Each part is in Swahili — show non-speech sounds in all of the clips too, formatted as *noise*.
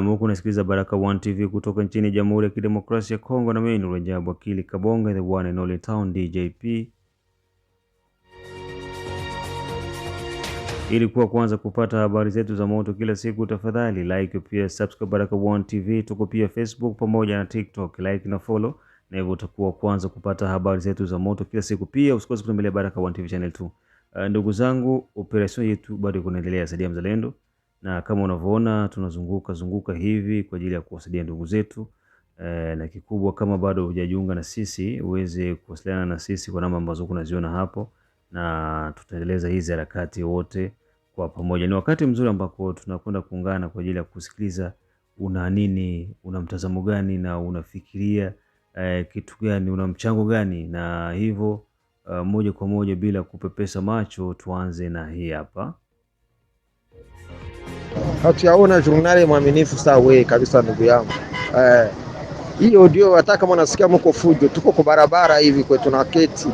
Naam, huku nasikiliza Baraka One TV kutoka nchini Jamhuri ya Kidemokrasia ya Kongo, na mimi ni Rajab Wakili Kabonga, the one and only town DJP. Ili kuwa kwanza kupata habari zetu za moto kila siku, tafadhali like, pia subscribe Baraka One TV. Tuko pia Facebook pamoja na TikTok, like na follow, na hivyo utakuwa kwanza kupata habari zetu za moto kila siku. Pia usikose kutembelea Baraka One TV channel 2. Uh, ndugu zangu, operesheni yetu bado ikunaendelea, saidia mzalendo na kama unavyoona tunazunguka zunguka hivi kwa ajili ya kuwasaidia ndugu zetu e, na kikubwa kama bado hujajiunga na sisi uweze kuwasiliana na sisi kwa namba ambazo unaziona hapo, na tutaendeleza hizi harakati wote kwa pamoja. Ni wakati mzuri ambako tunakwenda kuungana kwa ajili ya kusikiliza una nini, una mtazamo gani na unafikiria e, kitu gani, una mchango gani, na hivyo e, eh, moja kwa moja bila kupepesa macho tuanze na hii hapa hatuyaona journali mwaminifu. Saa we kabisa, ndugu yangu eh, hiyo ndio hata kama nasikia mko fujo, tuko kwa barabara hivi kwetu na keti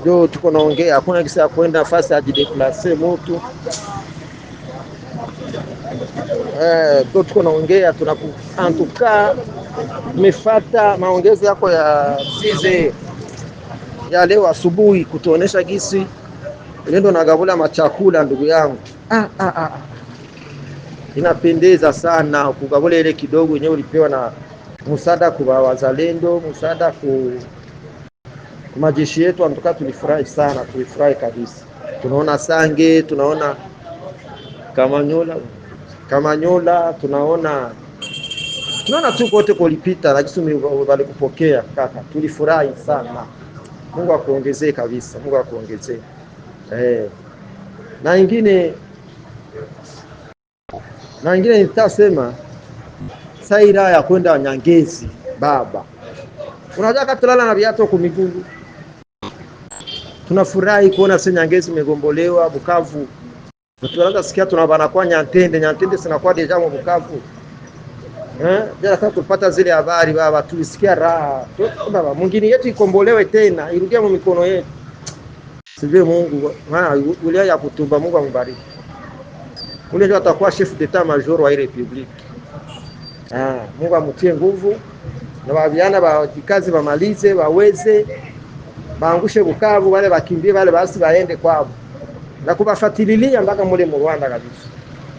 ndio tuko naongea, hakuna kisa ya kwenda fasi ajideplase mutu eh, ndio tuko naongea tunaku antuka mifata maongezi yako ya size ya leo asubuhi kutuonesha gisi lendo nagabula machakula ndugu yangu ah, ah, ah. ah inapendeza sana. Kukavole ile kidogo yenyewe ulipewa na msaada kwa wazalendo, msaada ku majeshi yetu antoka, tulifurahi sana, tulifurahi kabisa. Tunaona Sange, tunaona Kamanyola, Kamanyola tunaona tunaona tu kote kulipita, lakini walikupokea kaka, tulifurahi sana. Mungu akuongezee kabisa, Mungu akuongezee eh, na ingine na wengine nitasema saira ya kwenda Nyangezi. Baba, unataka tulala na viatu kwa miguu. Tunafurahi kuona sisi Nyangezi imegombolewa Bukavu. Tunaanza sikia tunabana kwa Nyantende, Nyantende sinakuwa deja mu Bukavu. Eh, jana sasa tulipata zile habari baba, tulisikia raha. Baba, mwingine yetu ikombolewe tena, irudie mu mikono yetu. Sivyo Mungu, maana wilaya ya Kutumba Mungu ambariki. Ule atakuwa chef d'etat major wa republique. Ah, Mungu amtie nguvu na bavyana bakikazi bamalize baweze baangushe Bukavu, wale bakimbie wale basi baende kwao na kubafatililia mpaka mule mu Rwanda kabisa.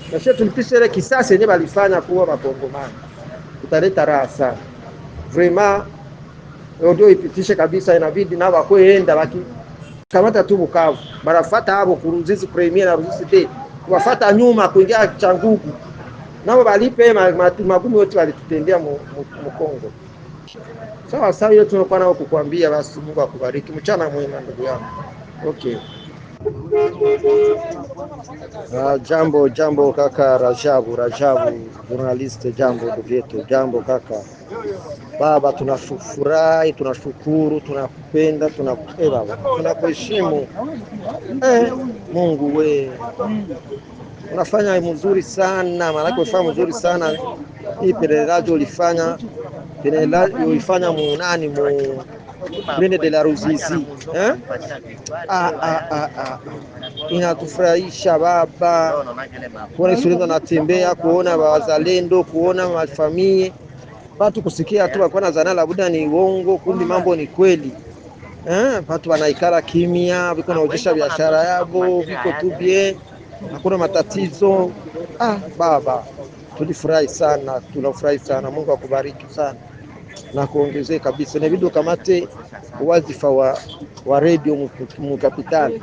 Na Nashe tulipisha ile kisasi yenye balifanya kuwa Wakongomani, utaleta raha sana vraiment. Ndio ipitishe kabisa, inabidi nao wakoenda kamata tu Bukavu, barafata hapo kuruzizi premier na ruzizi kuwafata nyuma kuingia Changugu nao balipe magumu yote walitutendea Mkongo. Sawa sawa, ile tunakuwa nao kukwambia. Basi Mungu akubariki, mchana mwema ndugu yangu. Okay. Uh, jambo jambo kaka Rajabu Rajabu journaliste, jambo vyetu jambo kaka baba, tunafurahi tunashukuru, tunakupenda tuna, tunakuheshimu eh, Mungu we unafanya mzuri sana, maanake ufanya mzuri sana hii pelelezaji ulifanya pelelezaji ulifanya muunani mu mene de la Ruzizi ah, ah, ah, Inatufurahisha baba kuona Isurendo anatembea, kuona wazalendo, kuona mafamilie watu, kusikia tu wakuwa na zana labuda ni uongo, kundi mambo ni kweli eh? Watu wanaikala kimya, viko naojesha biashara yabo, viko tu bien, hakuna matatizo. Ah, baba tulifurahi sana, tunafurahi sana. Mungu akubariki sana na kuongezea kabisa. Inabidi ukamate wadhifa wa, wa redio mukapitali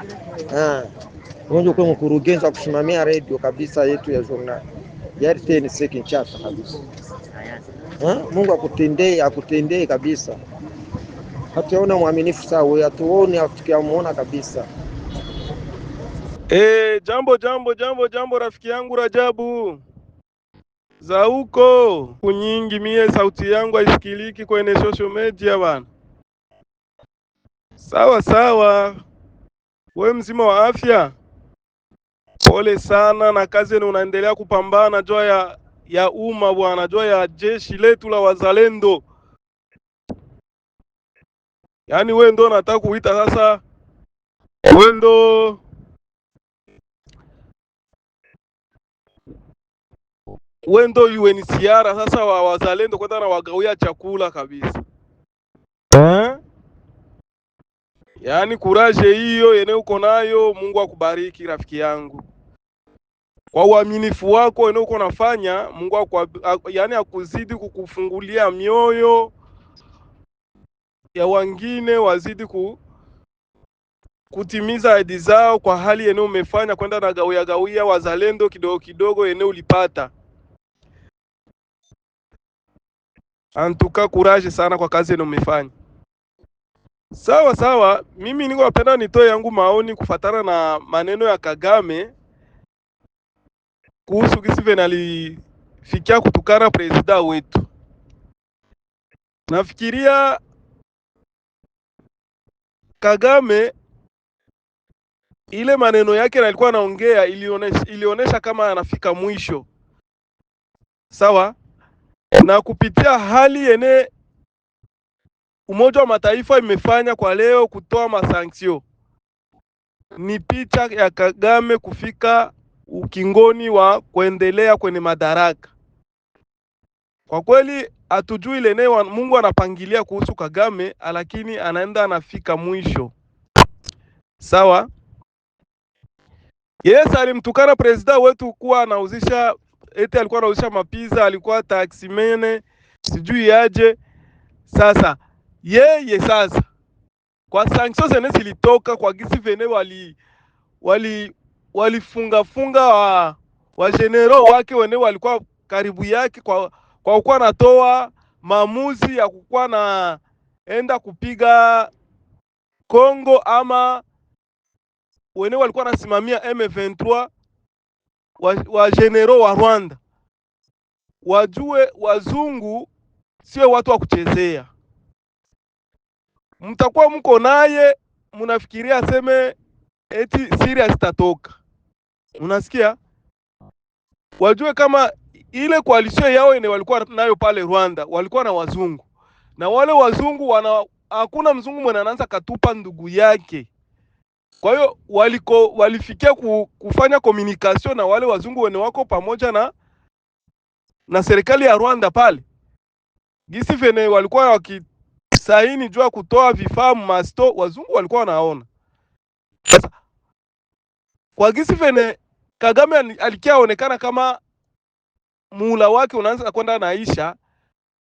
unajua kuwa mkurugenzi wa kusimamia redio kabisa yetu ya journal ya RTNC Kinshasa kabisa. Mungu akutendee akutendee kabisa. Hatuona mwaminifu sawa, hatuoni tukiamuona kabisa. E, jambo jambo jambo jambo, rafiki yangu Rajabu za huko kunyingi, mie sauti yangu haisikiliki kwenye social media bana. Sawa sawa, we mzima wa afya, pole sana na kazi ni unaendelea kupambana jua ya ya umma bwana, jua ya jeshi letu la wazalendo. Yaani we ndo nataka kuita sasa, we ndo we ndo siara sasa wa wazalendo kwenda na wagawia chakula kabisa eh? Yaani kuraje hiyo yenye uko nayo, Mungu akubariki rafiki yangu kwa uaminifu wako yenye uko nafanya. Mungu aku, yani akuzidi kukufungulia mioyo ya wengine wazidi ku, kutimiza ahadi zao kwa hali yenye umefanya kwenda na gawia gawia wazalendo kidogo kidogo yenye ulipata Antuka, kuraje sana kwa kazi yenu mmefanya. Sawa sawa, mimi niko napenda nitoe yangu maoni kufatana na maneno ya Kagame kuhusu gisi venalifikia kutukana presida wetu. Nafikiria Kagame ile maneno yake alikuwa anaongea ilionesha, ilionesha kama anafika mwisho. Sawa na kupitia hali yenye Umoja wa Mataifa imefanya kwa leo kutoa masanksio, ni picha ya Kagame kufika ukingoni wa kuendelea kwenye madaraka. Kwa kweli hatujui lene Mungu anapangilia kuhusu Kagame, lakini anaenda anafika mwisho. Sawa, yes, alimtukana presida wetu kuwa anauzisha eti alikuwa anauzisha mapiza, alikuwa taximene sijui aje. Sasa yeye sasa kwa sanction zene zilitoka kwa gisi vene wali wali walifungafunga wa wa genero wake wene walikuwa karibu yake kwa kwa kukuwa natoa maamuzi ya kukuwa na enda kupiga Kongo ama wene walikuwa nasimamia M23 wa generaux wa Rwanda wajue wazungu sio watu wa kuchezea. Mtakuwa mko naye mnafikiria aseme eti Syria zitatoka, unasikia? Wajue kama ile koalisio yao ene walikuwa nayo pale Rwanda walikuwa na wazungu na wale wazungu wana, hakuna mzungu mwene anaanza katupa ndugu yake kwa hiyo waliko walifikia kufanya communication na wale wazungu wenye wako pamoja na na serikali ya Rwanda pale gisi vene walikuwa wakisaini juu ya kutoa vifaa masto, wazungu walikuwa wanaona sasa kwa gisi vene Kagame onekana kama muhula wake unaanza kwenda naisha,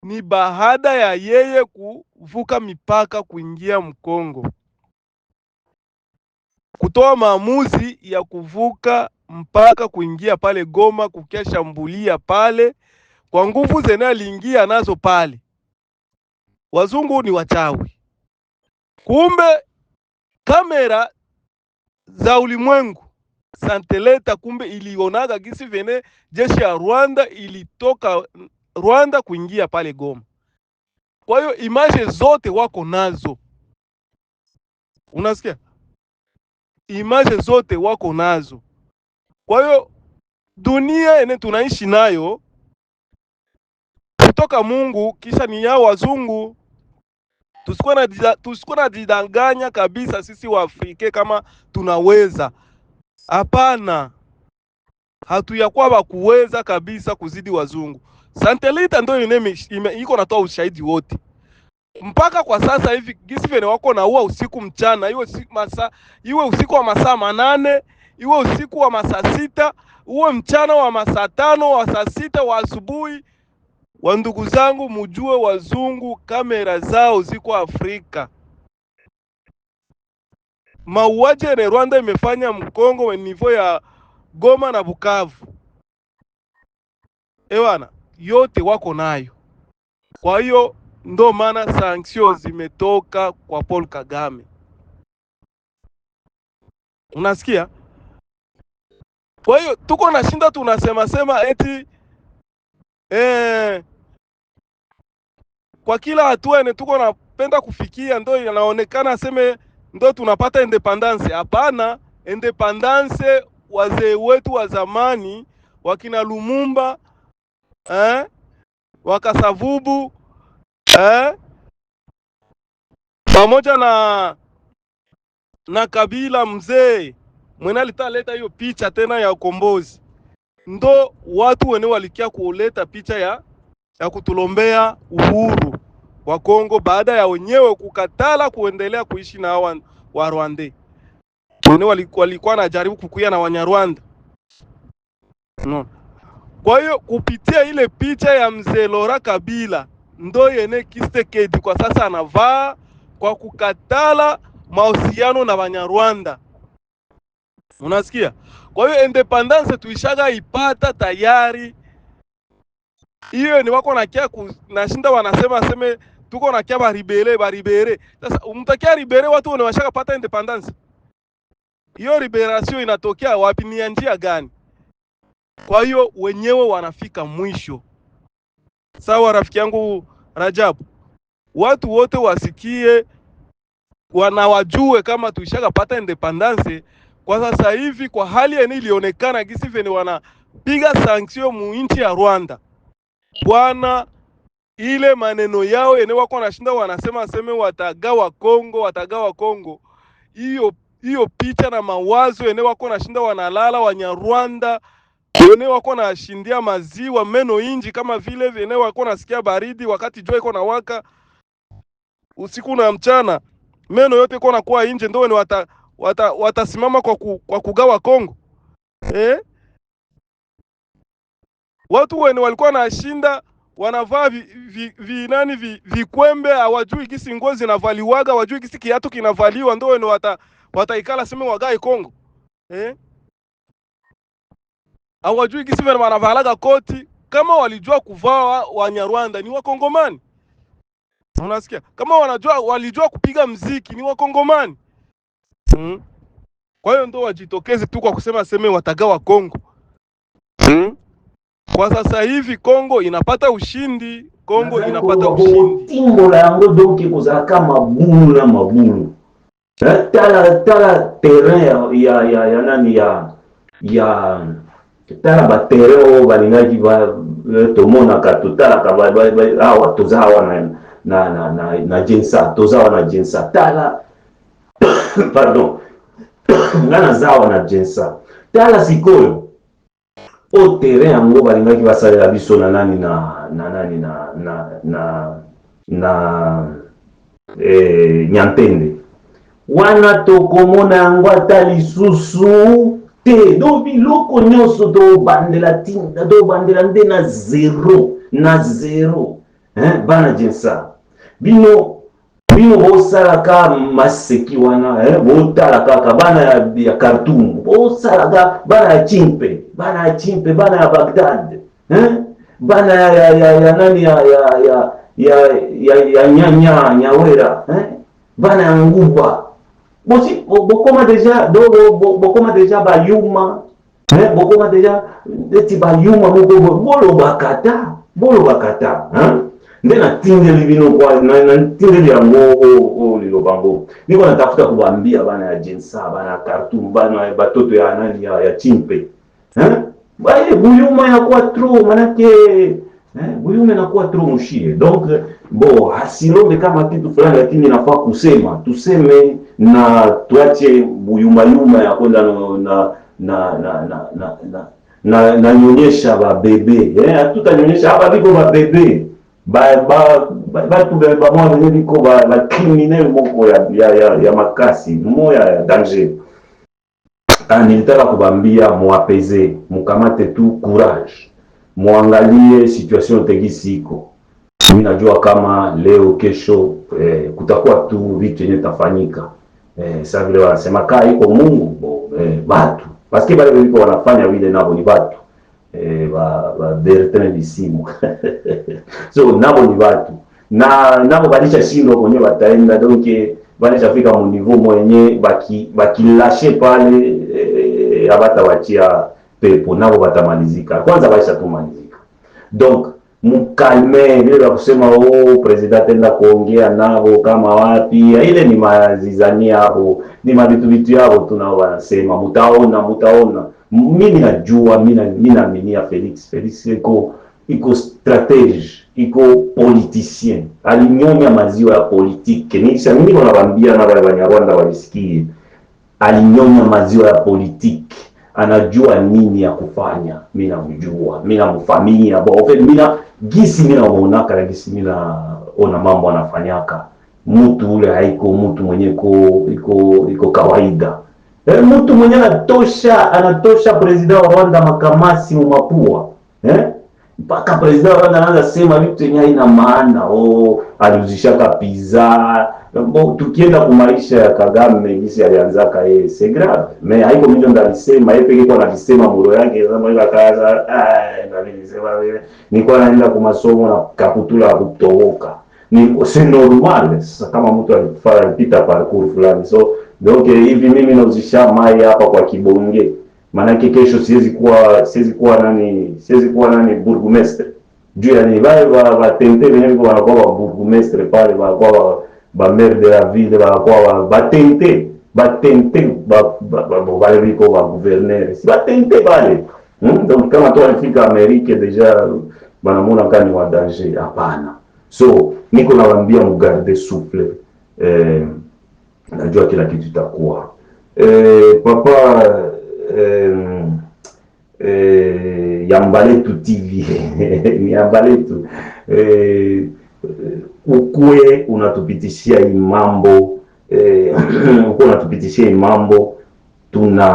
ni baada ya yeye kuvuka mipaka kuingia Mkongo kutoa maamuzi ya kuvuka mpaka kuingia pale Goma, shambulia pale kwa nguvu zenye aliingia nazo pale. Wazungu ni wachawi, kumbe kamera za ulimwengu santeleta, kumbe ilionaga gisi vene jeshi ya Rwanda ilitoka Rwanda kuingia pale Goma. Kwa hiyo imaje zote wako nazo, unasikia? image zote wako nazo. Kwa hiyo dunia ene tunaishi nayo kutoka Mungu, kisha ni yao wazungu. Tusikuwa na jidanganya kabisa sisi waafrike kama tunaweza. Hapana, hatuyakuwa wakuweza kabisa kuzidi wazungu. Santelita ndio iko natoa ushahidi wote mpaka kwa sasa hivi gisi vene wako naua usiku mchana, iwe usiku, masa, iwe usiku wa masaa manane iwe usiku wa masaa sita uwe mchana wa masaa tano wa saa sita wa asubuhi. Wa ndugu zangu, mujue wazungu kamera zao ziko Afrika. Mauaji ya Rwanda imefanya mkongo nivo ya Goma na Bukavu, ewana eh yote wako nayo, kwa hiyo Ndo maana sanksio zimetoka kwa Paul Kagame, unasikia? Kwa hiyo tuko na shinda tunasema sema eti eh, kwa kila hatua ene tuko napenda kufikia ndo inaonekana seme ndo tunapata independence. Hapana, independence wazee wetu wa zamani wakina Lumumba eh, wakasavubu eh? Pamoja na na Kabila mzee mwene alitaleta hiyo picha tena ya ukombozi, ndo watu wene walikia kuleta picha ya, ya kutulombea uhuru wa Kongo baada ya wenyewe kukatala kuendelea kuishi na hawa wa Rwanda wene walikuwa najaribu kukuya na Wanyarwanda no. Kwa hiyo kupitia ile picha ya mzee Lora Kabila ndo yene Kiste Kedi kwa sasa anavaa kwa kukatala mahusiano na Banyarwanda. Unasikia? Kwa hiyo independence tuishaga ipata tayari. Hiyo ni wako kia nashinda wanasema seme tuko kia baribere baribere. Sasa umtakia ribere watu wanawashaka pata independence. Hiyo liberation inatokea wapi? Ni njia gani? Kwa hiyo wenyewe wanafika mwisho. Sawa rafiki yangu Rajabu, watu wote wasikie, wanawajue kama tuishakapata independence kwa sasa hivi. Kwa hali yene ilionekana gisi vyenye wanapiga sanction mu nchi ya Rwanda, bwana ile maneno yao ene wako wanashinda wanasema seme watagawa Kongo, watagawa Kongo. Hiyo hiyo picha na mawazo ene wako wanashinda wanalala Wanyarwanda kione wako na shindia maziwa meno inji kama vile vene wako nasikia baridi wakati jua iko na waka usiku na mchana, meno yote iko na kuwa inje, ndio wata watasimama wata kwa, ku, kwa kugawa Kongo eh? Watu wene walikuwa na shinda wanavaa vi, vi, vi nani vi, vikwembe hawajui kisi ngozi inavaliwaga, hawajui kisi kiatu kinavaliwa, ndio wataikala wata wataikala sema wagai Kongo eh? hawajui kisi vile wanavalaka koti. Kama walijua kuvaa Wanyarwanda ni Wakongomani, unasikia? Kama wanajua walijua kupiga mziki ni Wakongomani hmm. Kwa hiyo ndo wajitokeze tu kwa kusema seme watagawa Kongo hmm. Kwa sasa hivi Kongo inapata ushindi, Kongo inapata ushindi. Timbo yango donc kozala ka mabulu na mabulu. Eh, tala tala terrain ya ya ya nani ya ya tala batere oyo balingaki tomonaka totalaka awa toza awa na, na, na, na jensa toza awa na jensa tala *coughs* pardon *coughs* nga naza awa na jensa tala sikoyo o terrain yango balingaki basalela biso na nani na na nani na na na, na eh, nyantende wana tokomona yango ata lisusu te do biloko nyonso tobandela ntina tobandela nde na zero na zero eh? bana jensa bino bino bosalaka maseki wana eh? botala kaka bana ya, ya kartum bosalaka bana ya chimpe bana ya chimpe bana ya bagdad eh? bana ya, ya, ya, ya nani ya, ya, ya, ya, ya, ya nyanya nyawera eh? bana ya nguba bosi bokoma deja dogo bokoma deja bayuma bokoma deja neti bayuma moko bolobaka ta bolobaka ta nde natindeli bino natindeli yango liloba ngo niko natafuta kubambia bana ya jensa bana ya kartum bana batoto ya nani ya, chimpe baye buyuma inakuwa tro manake buyuma inakuwa tro mushie donc bo asilombe kama kitu fulani lakini nafaa kusema tuseme na tuache buyumayuma ya kwenda na na na na na, na, na, na nyonyesha babebe eh, hatutanyonyesha hapa biko babebe batu ba, ba, ba, bamwa benye biko bakriminel ba moko ya, ya, ya, ya makasi moya ya danger. Ah, nilitaka kubambia muapeze, mukamate tu courage, muangalie situation tegisiko. Mimi najua kama leo kesho eh, kutakuwa tu vitu yenye tafanyika eh, sasa vile wanasema kaa yuko Mungu eh, batu basi bale vile wanafanya vile nabo ni batu eh, ba ba Bertrand Bisimwa *laughs* so nabo ni batu na nabo balisha shindo kwenye bataenda donc balisha fika mu niveau mwenye baki bakilashe pale eh, abata wachia pepo nabo batamalizika kwanza balisha tumalizika donc mkalme, vile vya kusema oh, prezida atenda kuongea navo kama wapi, ile ni mazizani yavo ni mavituvitu yao tunao wanasema, mutaona mutaona. Mimi najua mimi naaminia Felix, Felix iko iko stratege iko politicien, alinyonya maziwa ya politike. Nisha mimi na wale Wanyarwanda walisikie, alinyonya maziwa ya politike anajua nini ya kufanya. Mimi namjua, mimi namfamia bofe, mimi gisi mimi naonaka na gisi mimi naona mambo anafanyaka. Mtu ule haiko mtu mwenye ko iko iko kawaida e, mtu mwenye anatosha anatosha president wa Rwanda makamasi mumapua eh mpaka president wa Rwanda anaanza sema vitu yenye haina maana, oh aluzishaka pizza. Tukienda ku maisha ya Kagame jinsi alianzaka yeye, c'est grave mais haiko mimi ndo alisema yeye pekee, kwa anasema muro yake kama ile kaza ah, na mimi nisema wewe nilikuwa naenda kwa masomo na kaputula kutoboka ni c'est normal. Sasa kama mtu alifara alipita parkour fulani, so donc hivi mimi nauzisha mai hapa kwa kibonge maanake kesho siwezi kuwa siwezi kuwa nani siwezi kuwa nani burgomestre juu ya ni wale wa wa tente wenyewe wanakuwa wa burgomestre pale wanakuwa wa ba maire de la ville wanakuwa wa ba tente ba tente ba wale wiko wa gouverneur si ba tente pale hmm? donc kama tu alifika Amerika deja banamuna kani wa danger hapana so niko nawaambia mugarde souple eh, najua kila kitu itakuwa eh, papa e, eh, eh, yambaletu TV *laughs* yambaletu e, eh, ukue unatupitishia hii mambo *clears throat* e, unatupitishia hii mambo tuna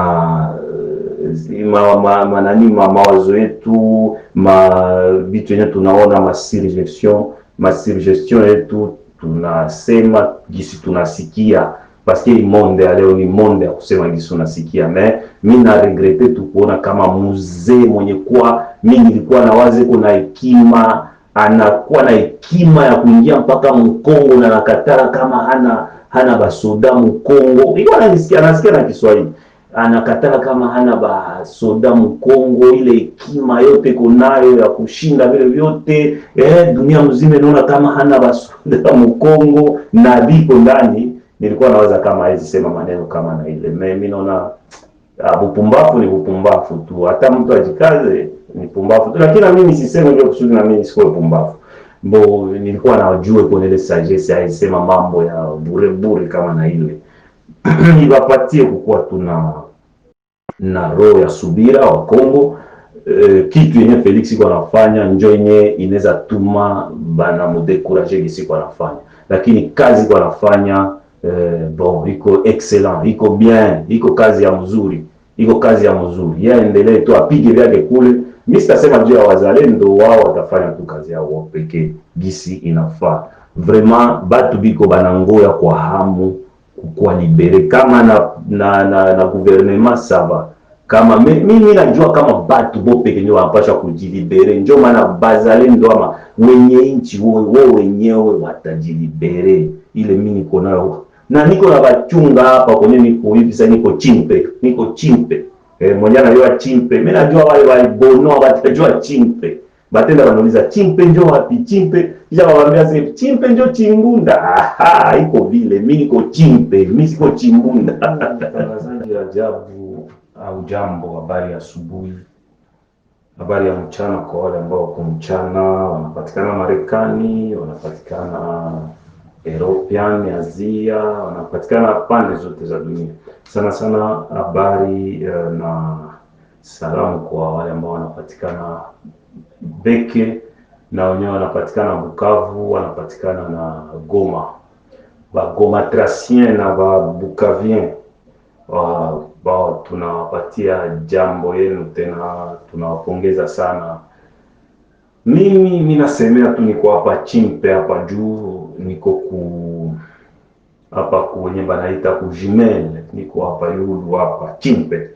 ma, ma, ma, nani ma, mawazo yetu ma vitu yenyewe tunaona masuggestion masuggestion yetu tunasema gisi tunasikia parce que monde ya ni monde ya kusema gisu nasikia me mi na regrete tu kuona kama muzee mwenye kuwa mi nilikuwa na waze kuna hekima anakuwa na hekima ya kuingia mpaka Mkongo na nakatara kama hana hana basoda Mkongo, hiyo anasikia anasikia na Kiswahili anakatara kama hana basoda Mkongo. Ile hekima yote kunayo ya kushinda vile vyote eh, dunia mzima inaona kama hana basoda Mkongo na biko ndani nilikuwa naweza kama hizi sema maneno kama na ile. Mimi naona ah, bupumbafu ni bupumbafu tu, hata mtu ajikaze ni pumbafu tu, lakini mimi sisemi ndio kusudi, na mimi sikuwa pumbafu mbo, nilikuwa najua kwa ile sagesse aisema mambo ya bure bure kama na ile *clears throat* iwapatie kukuwa tu na na roho ya subira wa Kongo. E, kitu yenye Felix iko anafanya njo yenye inaweza tuma bana mudekuraje gisi kwa anafanya, lakini kazi kwa anafanya Eh, bon iko excellent, iko bien, iko kazi ya mzuri, iko kazi ya mzuri, yaendelee tu, apige vyake kule. Mimi sitasema juu ya wazalendo, wao watafanya tu kazi yao pekee gisi inafaa. Vraiment batu biko banangoya kwa hamu kwa libere kama na na na, na gouvernement sava kama mimi najua kama batu bo peke ndio wanapasha kujilibere, ndio maana bazalendo ama wenye nchi wo wenyewe watajilibere, ile mimi niko nayo na niko na bachunga hapa kwenye niko hivi sasa, niko chimpe, niko chimpe eh, mmoja anajua chimpe. Mimi najua wale wale bono watajua chimpe, batenda wanauliza chimpe njo wapi? Chimpe kisha wanawaambia sasa chimpe njo chimbunda. *laughs* Aha, iko vile mimi niko chimpe, mimi siko chimbunda. *laughs* Mtangazaji ajabu au jambo, habari asubuhi, habari ya mchana kwa wale ambao wako mchana, wanapatikana Marekani, wanapatikana European, Asia, wanapatikana pande zote za dunia. Sana sana habari eh, na salamu kwa wale ambao wanapatikana Beke na wenyewe wanapatikana Bukavu, wanapatikana na Goma, Bagoma tracien na Babukavien ba, tunawapatia jambo yenu tena, tunawapongeza sana mimi minasemea tu niko hapa chimpe hapa juu, niko ku hapa kwenye banaita kujimel, niko hapa yulu hapa chimpe,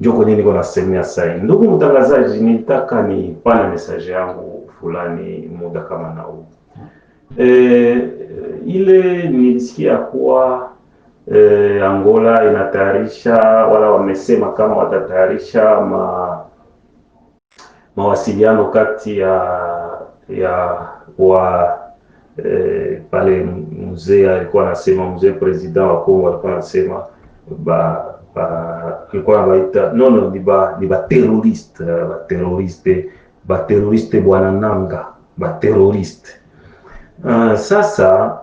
ndio kwenye niko nasemea sai. Ndugu mtangazaji, nitaka pana message yangu fulani muda kama na huu e, ile nilisikia kuwa e, Angola inatayarisha wala wamesema kama watatayarisha ma mawasiliano kati ya ya wa eh, pale mzee alikuwa anasema, mzee president wa Kongo alikuwa anasema ba ba alikuwa anaita no no, ni ba ni ba teroriste ba teroriste ba teroriste bwana nanga ba teroriste uh, ah, sasa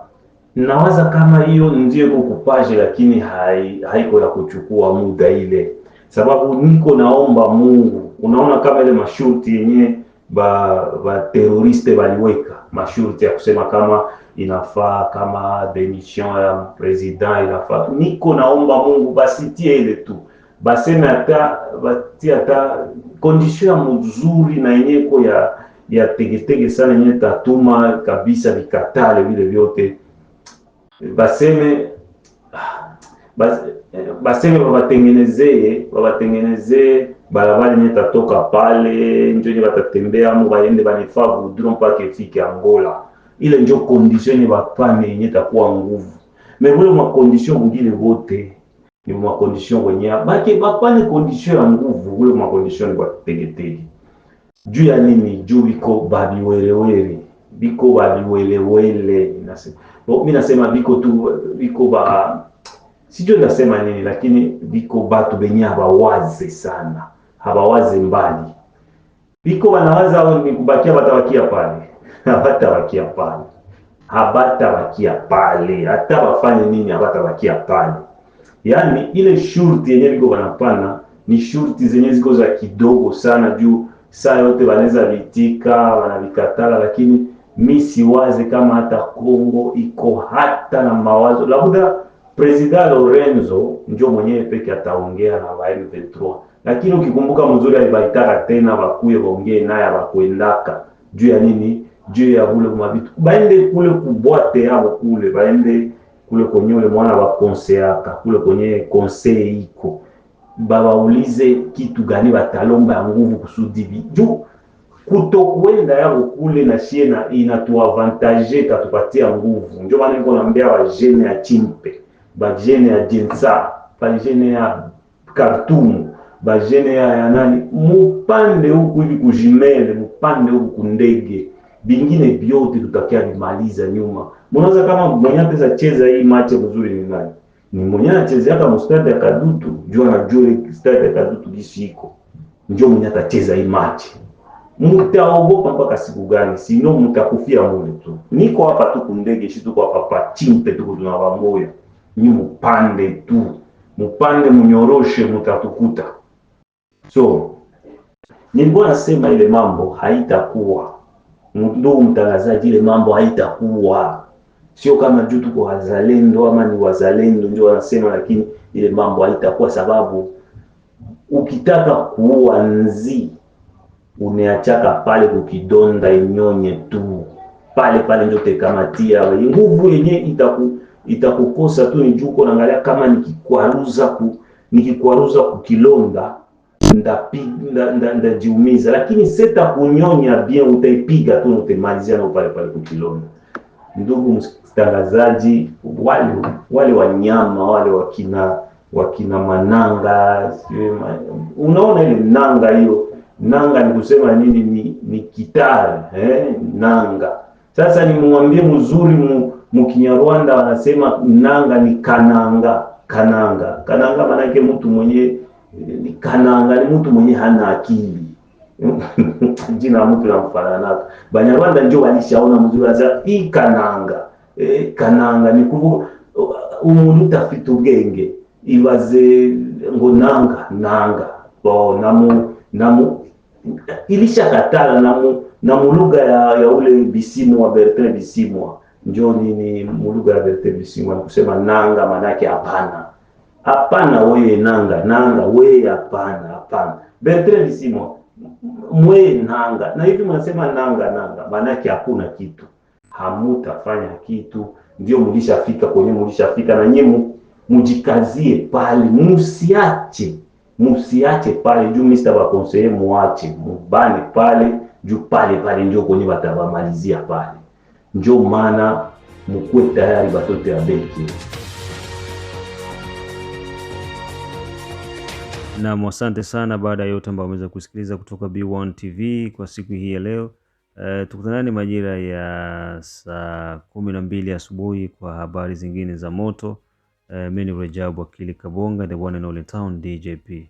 nawaza kama hiyo ndio kukupaje, lakini haiko hai ya kuchukua muda ile, sababu niko naomba Mungu unaona kama ile masharti yenyewe ba bateroriste baliweka masharti ya kusema kama inafaa kama demission ya president inafaa. Niko naomba Mungu basitie ile tu, baseme hata batie hata condition ya mzuri na yenyeko ya ya tegetege sana yenye tatuma kabisa vikatale vile vyote, baseme ah, eh, baseme, babatengenezee babatengenezee barabara yenye tatoka pale njo nye batatembea amo baende banefaa goudron mpaka efike Angola. Ile njo condition yenye bapane yenye takuwa nguvu me vule makondition kungile vote ni makondition kwenye bake bapane kondition ya nguvu vule makondition ni bategetege juu ya nini? Juu biko babiwelewele biko babiwelewele, mi nasema biko tu biko ba sijui nasema nini, lakini viko batu benye habawaze sana, habawaze mbali, viko wanawaza au ni kubakia, batabakia pale, *laughs* habatabakia pale, habatabakia pale, hata wafanye nini, habatabakia pale. Yani ile shurti yenye viko wanapana ni shurti zenye ziko za kidogo sana, juu saa yote wanaweza vitika, wanavikatala, lakini mi siwaze kama hata Kongo iko hata na mawazo labda Presida Lorenzo ndio mwenyewe peke ataongea na wa M23, lakini ukikumbuka mzuri alibaitaka tena bakuye baongee naye bakwendaka juu ya nini? Juu ya bule mabitu baende kule kubwate yabo kule baende kule kwenye ule mwana wa konseaka kule kwenye konsei iko babaulize kitu gani batalomba ya nguvu kusudi juu kutokwenda yabo kule na shie inatuavantage tatupatia nguvu. Ndio maana niko naambia wa ya chimpe bagene ya Dinsa, bagene ya Khartoum, bagene ya, ya nani mupande huku hivi kujimele, mupande huku kundege, bingine biote tutakia bimaliza nyuma. Mnaanza kama mwenye pesa cheza hii mache mzuri ni nani? Ni mwenye anacheza hata mstari ya Kadutu, jua anajua jua stadi ya Kadutu gisi iko. ndio mwenye atacheza hii mache. Mtaogopa mpaka siku gani? Sino mtakufia mule tu. Niko hapa tu kundege, shi tuko hapa pa chimpe tuko tunawamoya ni mupande tu, mupande, munyoroshe, mutatukuta. So nilikuwa nasema ile mambo haitakuwa, ndugu mtangazaji, ile mambo haitakuwa, sio kama juu tuko wazalendo ama ni wazalendo ndio wanasema, lakini ile mambo haitakuwa sababu ukitaka kuua nzi uneachaka pale kukidonda inyonye tu pale pale, ndio tekamatia nguvu yenye itaku itakukosa tu, njuko naangalia kama nikikwaruza ku, nikikwaruza kukilonda ndajiumiza, lakini seta kunyonya bien, utaipiga tu utemalizia na pale pale kukilonda. Ndugu mtangazaji, wale wale wanyama wale wakina wakina mananga, unaona ile nanga hiyo nanga ni kusema nini? Ni, ni kitari eh? Nanga sasa nimwambie mzuri mu, Mukinyarwanda wanasema nanga ni kananga, kananga, kananga manake mtu mwenye eh, ni kananga, ni mtu mwenye hana akili *laughs* jina la mtu namfananaka. Banyarwanda ndio walishaona mzuri za i kananga e, kananga ni kuvu uh, umuntu utafite ubwenge ibaze ngo nanga nanga bo namu namu ilishakatala namu namu lugha ya, ya ule Bisimwa Bertrand Bisimwa njoni nini mulugha ya Bertebisimu kusema nanga, manake hapana, hapana, weye nanga, nanga wewe, hapana, hapana. Bertebisimu mweye nanga, na hivi mnasema nanga, nanga manake hakuna kitu, hamutafanya kitu. Ndio mulishafika kwenye mulishafika, na nyinyi mujikazie pale, musiache musiache pale juu mista bakonseye, muache mubane pale juu, pale pale ndio kwenye watabamalizia pale njo maana mukuwe tayari batoto ya benki. Nam, asante sana. Baada ya yote ambayo ameweza kusikiliza kutoka B1 TV kwa siku hii ya leo, e, eh, tukutanani majira ya saa kumi na mbili asubuhi kwa habari zingine za moto. E, eh, mi ni Rajabu Akili Kabonga, the one and only town DJP.